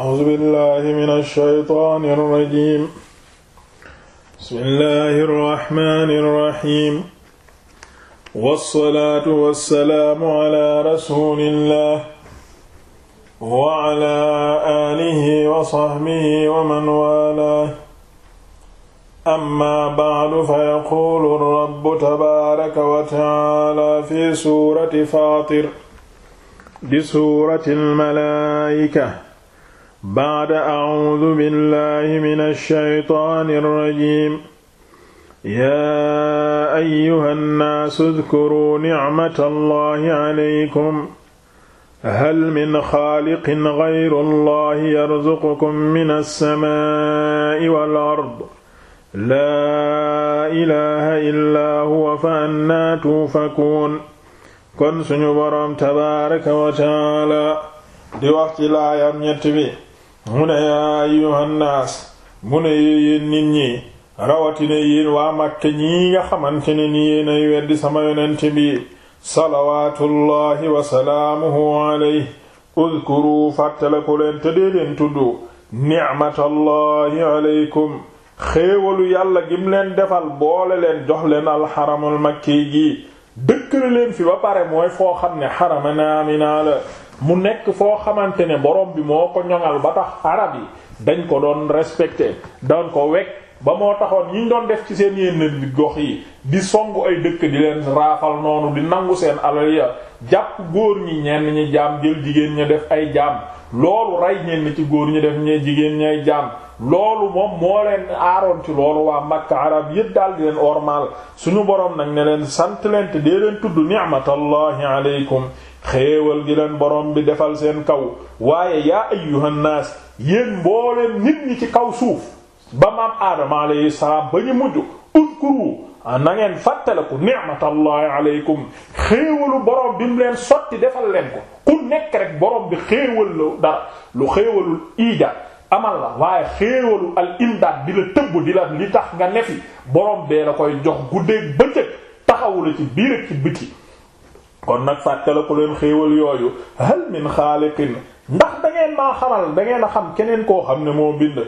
أعوذ بالله من الشيطان الرجيم بسم الله الرحمن الرحيم والصلاة والسلام على رسول الله وعلى آله وصحبه ومن والاه أما بعد فيقول الرب تبارك وتعالى في سورة فاطر بسورة الملائكة baada acuudu billahi mina shaytaani rajiim yaa ayyuha nnaasu udkuruu nicmata allahi calaykum hal min xaaliqin gayru allahi yarzuqukum mina assamaa'i wal ard laa ilaaha illaa huwa fa annaa tuufakuun kon suñu boroom tabaaraka wa tacaala di wax ci laayam ñett bi mu ne yaa ayyuhannaas mune ne yéen nit ñi rawatina yéen waa Makka ñii nga xamante ne ni yéenay weddi sama yonent bi salawaatullahi wa salaamuhu alayhi udkuru fàttaleku leen te dee leen tudd ni'matallahi alaykum xéewalu yàlla gim leen defal boole leen jox leen alxaramul makki gi dëkkale leen fi ba pare mooy foo xam ne xaraman aamina mu nekk foo xamante ne borom bi moo ko ñoŋal ba tax arab yi dañ ko doon respecté doon ko wekk ba moo taxoon ñi ñu doon def ci seen yenn gox yi di songu ay dëkk di leen raafal noonu di nangu seen alal ya jàpp góor ñi ñenn ñi jaam jël jigéen ñi def ay jaam loolu rey ñenn ci góor ñi def ñee jigéen ñay jaam loolu moom moo leen aaroon ci loolu waa Makka arab yépp daal leen ormal suñu borom nag ne leen sant leen te dee leen tudd ni'matallahi alaykum xéewal gi leen borom bi defal seen kaw waaye ya ayyuhan naas yéen mbooleen nit ñi ci kaw suuf ba maam aadama alayhi salaam ba ñu mujj uskuru na ngeen fàttaliku ni'matallahi alaykum xéewalu borom bi mu sotti defal leen ko ku nekk rek borom bi xéewal la dara lu xéewalul iija amal la waaye xéewalu al imdaad di la tëbb di la li tax nga nefi borom bee la koy jox guddeeg bëccëg taxawula ci biir ak biti kon nag fàttaliku leen xéewal yooyu hal min xaaliqin ndax da ngeen maa xamal da ngeen a xam keneen koo xam ne moo bind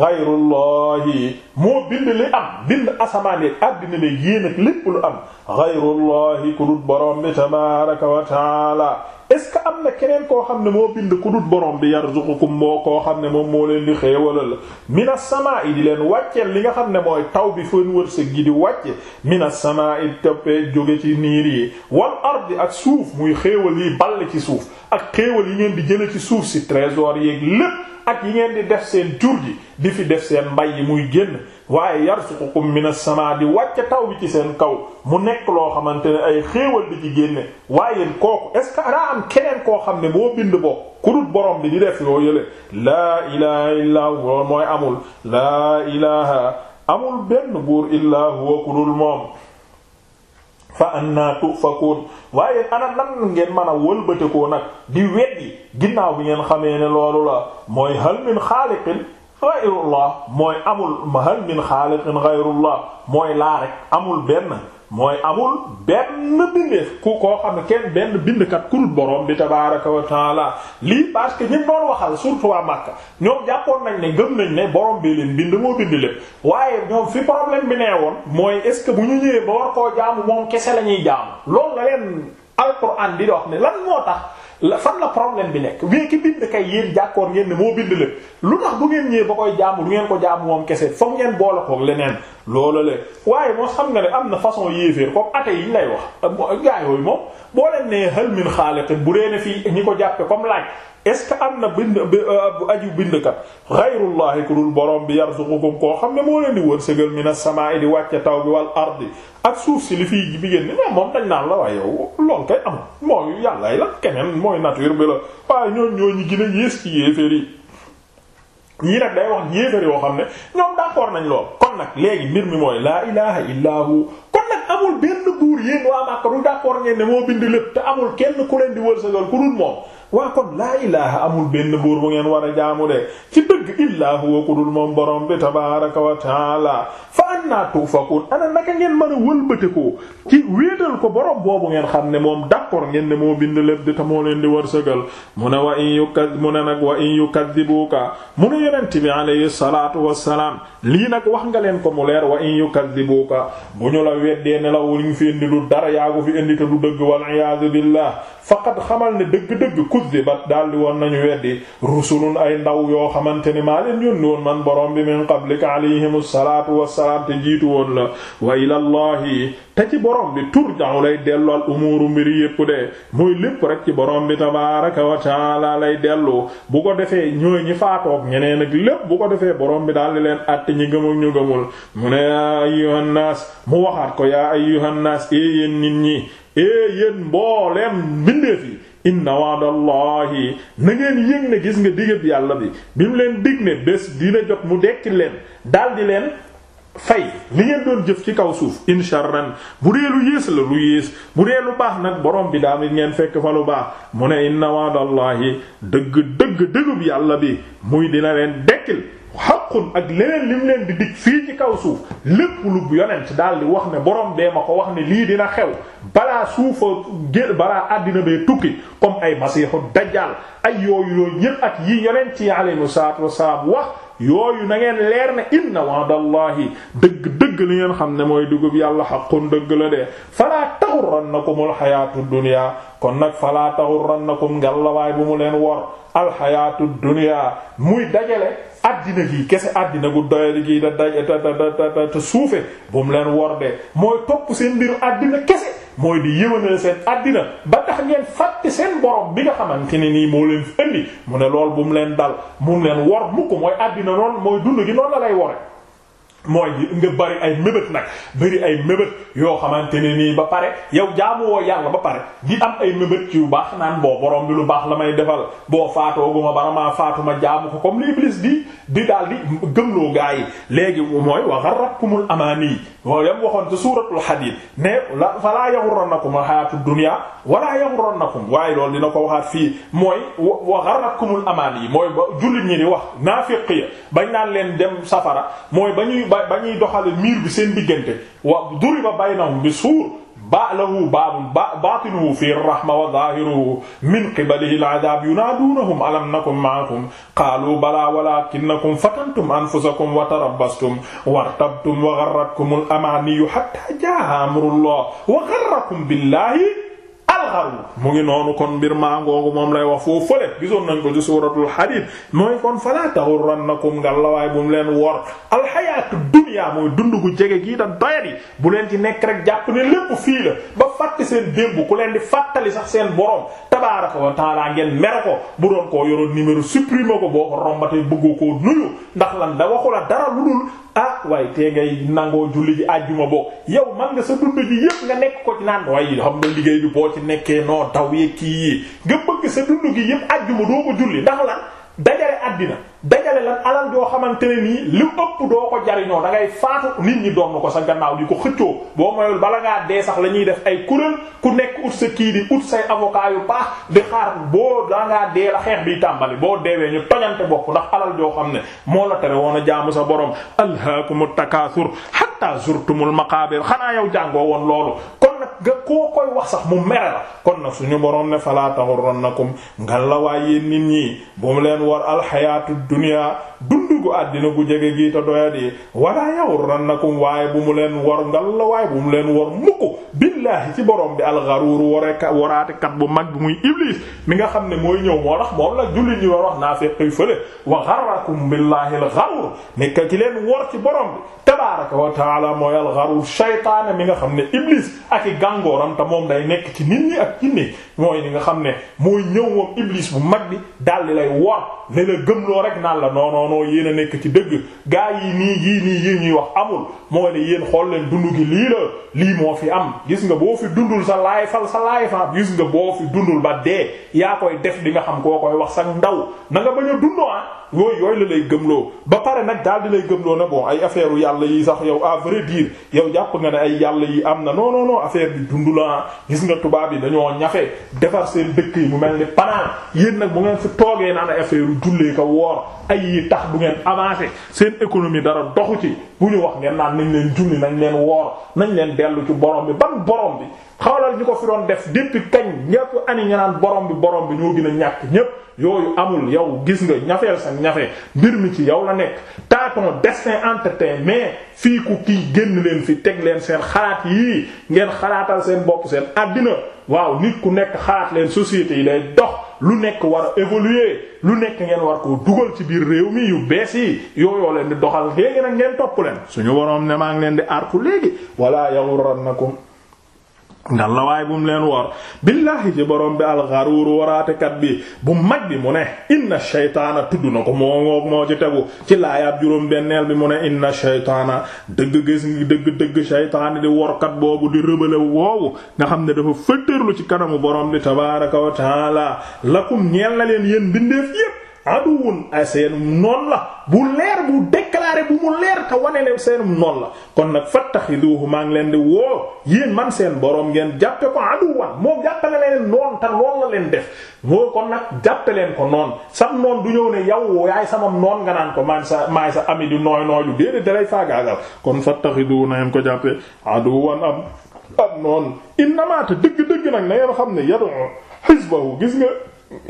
xayrullahi moo bind li am bind asamaan yi àddina ne yéen ak lépp lu am xayrullahi ku dul borom bi tabaaraka wa taala est-ce que am na keneen koo xam ne moo bind ku dut borom bi yarzuqukum moo koo xam ne moom moo leen di xéewalal la mina samaa'i di leen wàcceel li nga xam ne mooy taw bi fën wërsëg gi di wàcce mina samaa'i toppee jóge ci niir yi wal ardi ak suuf muy xéewal yi ball ci suuf ak xéewal yi ngeen di jële ci suuf si trésor yeeg lépp ak yi ngeen di def seen jur ji di fi def seen mbay yi muy génn waaye yarsuqukum minas samaa di wàcc taw bi ci seen kaw mu nekk loo xamante ne ay xéewal bi ci génne waaye kooku est-ce que am keneen koo xam ne moo bind bokk ku borom bi di def yoo yële laa ilaha illaa huwa mooy amul laa ilaha amul benn buur illaa huwa ku moom fa anna tufakuun waaye ana nan ngeen mën a wëlbatekoo nag di weddi ginnaaw bi ngeen xamee ne loolu la mooy hal min xaaliqin gayrullah mooy amul hal min xaaliqin gayrullah mooy laa amul benn mooy amul benn bindeef ku koo xam ne kenn benn bindkat ku dul borom bi tabaaraka wa taala lii parce que ñi doon waxal surtout waa Makka ñoom jàppoon nañ ne gëm nañ ne borom bi leen bind moo bind lépp waaye ñoom fi problème bi nee woon mooy est-ce que bu ñu ñëwee ba war koo jaamu moom kese la ñuy jaamu loolu la leen alxuraan di wax ne lan moo tax. la fan la problème bi nekk mais ki bind kay yéen jàkkoor ngeen ne moo bind lépp lu tax bu ngeen ñëwee ba koy jaamu du ngeen ko jaamu moom kese foog ngeen boole koog leneen loolo la waaye moo xam nga ne am na façon yéeféer kook ate yi ñu lay wax gaa yooyu moom boo leen nee hal min xaaliq bu dee ne fii ñi ko jàppe comme laaj est-ce que am na bind euh, aju bindkat xayrullahi ku dul borom bi yarzuqukum koo xam ne moo leen di wërsëgal mina samaa'i di wàcce taw bi wal ak suuf si li fii bi génn non moom dañ naan la waaye yow loolu kay am mooy yàlla la keneen mooy nature bi la waaye a yées ci yéeféer yi yoo xam ne ñoom d'accord nañ lool kon nag léegi mbir mi mooy laa ilaha illaa hu amul benn buur yéen waa Makka du ngeen ne moo bind lépp te amul kenn ku leen di wërsëgal ku dul moom waa kon laa ilaaha amul benn buur bu ngeen war a jaamu de ci dëgg illaa huwa ku dul moom borom bi tabaaraka wa taala fa annaa tuufakun ana naka ngeen mën a ko ci wéetal ko borom boobu ngeen xam ne moom d'accord ngeen ne moo bind lépp de te moo leen di wërsëgal mu ne wa in yukad mu ne nag wa in yukadibuuka mu ne yonent bi alayhi salaatu wassalaam lii nag wax nga leen ko mu leer wa in yukadibuuka bu ñu la weddee ne la wuñ fi indi du dara yaa ko fi indi te du dëgg wal iyaadu kuddibat daldi woon nañu weddi rusulun ay ndaw yoo xamante ne maa leen yónni woon man borom bi min qablika alayhim salaatu wassalaam te jiitu woon la wa ilallahi te ci borom bi turja'u lay dellu al umuuru mbiri yépp de muy lépp rek ci borom bi tabaaraka wa taala lay dellu bu ko defee ñooy ñi faatoog ñeneen ak lépp bu ko defee borom bi daldi leen àtte ñi gëm ak ñu gëmul mu ne yaa ayyuhan naas mu waxaat ko yaa ayyuhan naas ee yéen nit ñi ee yéen mbooleem mbindeef yi inna wa'dallahi na ngeen yëg ne gis nga digéb yàlla bi bi mu leen dig ne bés dina jot mu dekki leen daldi leen fay li ngeen doon jëf ci kaw suuf incharran bu dee lu yées la lu yées bu dee lu baax nag boroom bi daamit ngeen fekk fa lu baax mu ne inna wa'dallahi dëgg dëgg dëggub yàlla bi muy dina leen dekkil haqqun ak leneen lim leen di dig fii ci kaw suuf lépp lu yonent daal di wax ne borom bee ma ko wax ne lii dina xew balaa suufa gé balaa àddina bee comme ay masiixu dajjal ay yooyu yooyu yëpp ak yi yonent yi alayhi salaatu wassalaam wax yooyu na ngeen leer ne inna wa'dallahi dëgg dëgg li ngeen xam ne mooy dugub yàlla haqqun dëgg la de falaa taxurrannakumul xayaatu dunya kon nag falaa taxurrannakum ngalla waay bu mu leen wor alxayaatu dunya muy dajale àddina gi kese àddina gu doyadi gi da daj ta ta ta suufe bu leen wor de mooy topp seen mbiru àddina kese mooy di yëwanal seen àddina ba tax ngeen fàtte seen borom bi nga xamante ne nii moo leen fi indi mu ne lool bu leen dal mu leen wor mukk mooy addina noonu mooy dund gi noonu la lay wore mooy nga bari ay mébét nag bari ay mébét yoo xamante ne nii ba pare yow jaamu woo yàlla ba pare di am ay mébét ci yu baax naan boo borom bi lu baax la may defal boo faatoo gu ma baramaa faatu ma jaamu ko comme li Iblis di di daal di gëmloo gaa yi léegi mooy wa gharratkumul amaani loolu yam waxoon te suuratul xadiid ne la falaa yaxurrannakum alxayaatu dunya wala yaxurrannakum waaye loolu dina ko waxaat fii mooy wa xarratkumul amaan yi mooy ba jullit ñi di wax naafiq ya bañ naan leen dem safara mooy ba ñuy ba ñuy doxale miir bi seen diggante wa duriba baynahum bi suur ba lahu baabun baatinuhu fi rahma wa zaahiruhu min qibalihi al-'adaab yunaaduunahum alam nakun ma'akum qaaluu balaa walaakinnakum fatantum anfusakum wa tarabbastum wartabtum wa gharratkum al-amaaniyyu hattaa jaa'a amrullah wa gharrakum billahi axaru mu ngi noonu kon mbir maa ngoogu moom lay wax foofu fële gisoon nañ ko ci suuratul Hadiid mooy kon falaa taxurrannakum ngal la waaye bu mu leen wor alxayaatu dunya mooy dund gu jege gii da doyat yi bu leen ci nekk rek jàpp ne lépp fii la ba fàtte seen démb ku leen di fàttali sax seen borom tabaaraka wa taala ngeen mer ko bu doon koo yoroon numéro supprimer ko boo ko rombatee bëggoo koo nuyu ndax lan da waxu la dara lu dul ah waaye tee ngay nangoo julli ji àjjuma boo yow man nga sa dund ji yëpp nga nekk ko ci naan waaye xam nga liggéey boo ci nekkee noo daw yeeg kii yi nga bëgg sa dund gi yëpp àjjuma doo ko julli ndax lan dajale àddina dajale lan alal joo xamante ne nii lu ëpp doo ko jariñoo dangay ngay faatu nit ñi doon ko sa gannaaw di ko xëccoo boo moyul bala ngaa dee sax lañuy def ay kuréel ku nekk ut sa kii di ut say avocat yu baax di xaar boo daa ngaa dee la xeex biy tàmbali boo deewee ñu tojante bopp ndax alal joo xam ne moo la tere woon a jaamu sa borom alhaakumu takaasur hatta zurtumul maqaabir xanaa yow jàngoo woon loolu koo koy wax sax mu mere la kon nag suñu boroom ne falaa taxurrannakum ngan la waay yéen nit ñi bu mu leen war alxayaatu dunya dundu gu àddina gu jege gii te doyadi walaa yaxurrannakum waaye bu mu leen war ngan la waay bu mu leen war mukk billaahi ci boroom bi alxaruur wareka waraate kat bu mag bi muy iblis mi nga xam ne mooy ñëw moo tax moom la jullit ñi wax naafiq yi fële wa garrakum billaahi alxaruur nekk ki leen war ci boroom bi tabaaraka wa mi nga xam ndeyjooram moom day nekk ci nit ak mooy ñi nga xam ne mooy ñëw moom iblis bu mag bi daal di lay wor ne gëmloo rek naan la non non non nekk ci dëgg gaa yi nii yii nii ñuy wax amul mooy yéen xool leen dund gi lii lii moo fi am gis nga boo fi dundul fal sa fa gis nga boo fi dundul ba yaa koy def di nga xam koo koy wax sax ndaw na nga bañ a dundoo ah. la lay gëmloo ba pare nag daal di lay gëmloo na bon ay affaire u yàlla yi sax yow à vrai yow jàpp nga ne ay yàlla yi am na non affaire bi dund la ah. gis nga tubaab yi dañoo ñafe defar seen dëkk yi mu mel ni panaan yéen nag bu ngeen fi toogee naa naan affaire jullee ka woor ay yi tax bu ngeen avancer seen économie dara doxu ci bu ñu wax ngeen naan nañ leen julli nañ leen woor nañ leen dellu ci borom bi ban borom bi xawlal ñu ko fi doon def depuis kañ ñépp ani ñu naan borom bi borom bi ñoo gën ñàkk ñépp yooyu amul yow gis nga ñafeel sa ñafe mbir mi ci yow la nekk tâton destin entretien mais fii ku kii génn leen fi teg leen seen xalaat yii ngeen xalaatal seen bopp seen àddina waaw nit ku nekk xalaat leen société yi lay dox lu nekk war a évoluer lu nekk ngeen war koo dugal ci biir réew mi yu bees yi yooyoo leen di doxal léegi nag ngeen topp leen suñu borom ne maa ngi leen di artu léegi wala yaghurrannakum ngal la waaye bu mu leen wor billaahi ci borom bi alxaruuru waraatekat bi bu mag bi mu ne inna shaytaana tudd na ko moo ngoog moo ci tegu ci laayaab juróom benneel bi mu ne inna shaytaana dëgg gis ngi dëgg dëgg shaytaani di workat boobu di rëbale woowu nga xam ne dafa fëttërlu ci kanamu borom bi tabaaraka wa taala lakum ñeel na leen yéen bindeef yépp aduwun ay seen noon la bu leer bu dekk wane bu mu leer te wane leen seenum noonu la kon nag fattaxiduhu maa ngi leen di woo yéen man seen boroom ngeen jàppe ko aduwan moo jàppale leen noon te lool la leen def moo kon nag jàppe leen ko noon sam noon du ñëw ne yow yaay sama noon nga naan ko maan sa maay sa ami di nooy nooy lu déedéet dalay faagaagal kon fattaxiduhu na ngeen ko jàppe aduwan am am noonu innamaata dëgg-dëgg nag na ngeen xam ne yadu xisbahu gis nga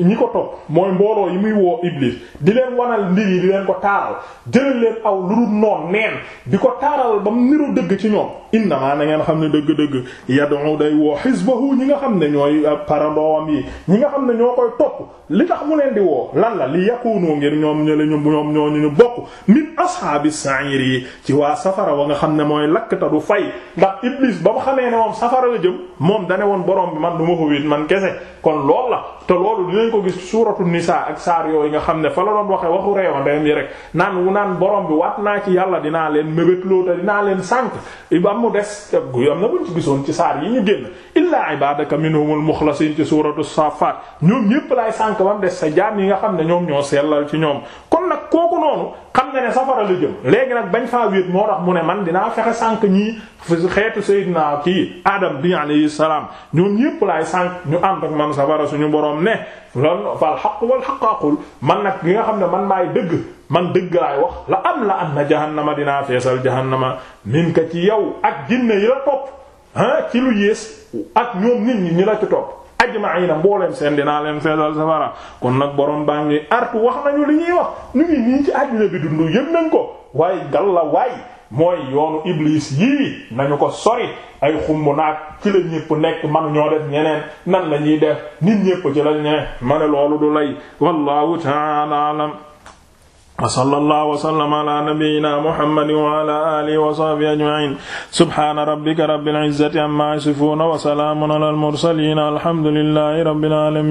ñi ko topp mooy mbooloo yi muy woo Iblis di leen wanal mbir yi di leen ko taaral jëlal leen aw lu dul noon neen di ko taaral ba mu niru dëgg ci ñoom innamaa na ngeen xam ne dëgg-dëgg ya yad'u day woo hizbahu ñi nga xam ne ñooy euh, parandoowam yi ñi nga xam ne ñoo koy topp li tax mu leen di woo lan la li yakunu ngir ñoom ñële ñu ñoom ñoo ñu bokk min ashaabi sa'ir yi ci waa safara wa nga xam ne mooy lakk ta du fay ndax Iblis ba mu xamee ne safara la jëm moom dane woon borom bi man du ma ko wit man kese kon dinañ ko gis suuratu nisaa ak saar yooyu nga xam ne fa la doon waxee waxu reewandem yi rek naan wu naan borom bi waat naa ci yàlla dinaa leen mébétloo te dinaa leen sànq ibam mu des gu am na buñ ci gisoon ci saar yi ñu génn illaa ibadaka minhumul mukhlasin ci suuratu safat ñoom ñépp laay sànq bam des sa jaam yi nga xam ne ñoom ñoo sellal ci ñoom kooku noonu xam nga ne safara la jëm léegi nag bañ faa wéet moo tax mu ne man dinaa fexe sànq ñii xeetu Seydina kii Adam bi alayhi salaam ñoom ñépp laay sànq ñu ànd ak man safara suñu boroom ne loolu fal xaq wal xaq aqul man nag gi nga xam ne man maay dëgg man dëgg ay wax la am la am na jahannama dinaa feesal jahannama min ka ci yow ak jinne yi la topp ah ci lu yées ak ñoom nit ñi ñu la ci topp. ajma'ina mbooleem seen dinaa leen feesal safara kon nag borom baa ngi artu wax nañu li ñuy wax ñu ngi nii ci bi dund yëg nañ ko waaye galla waay mooy yoonu iblis yii nañu ko sori ay xumb naag ci la ñépp nekk man ñoo def ñeneen nan la ñuy de nit ñépp ci lañ ne ma loolu du lay wallahu ta'ala wasala allah wasallam ala nabiyina mohammadin waala alihi wa sahbi ajmain subhaana rabbika rabbil izzati amma yasifuun wasalaamun ala almursalin alhamdulillahi rabbil alamin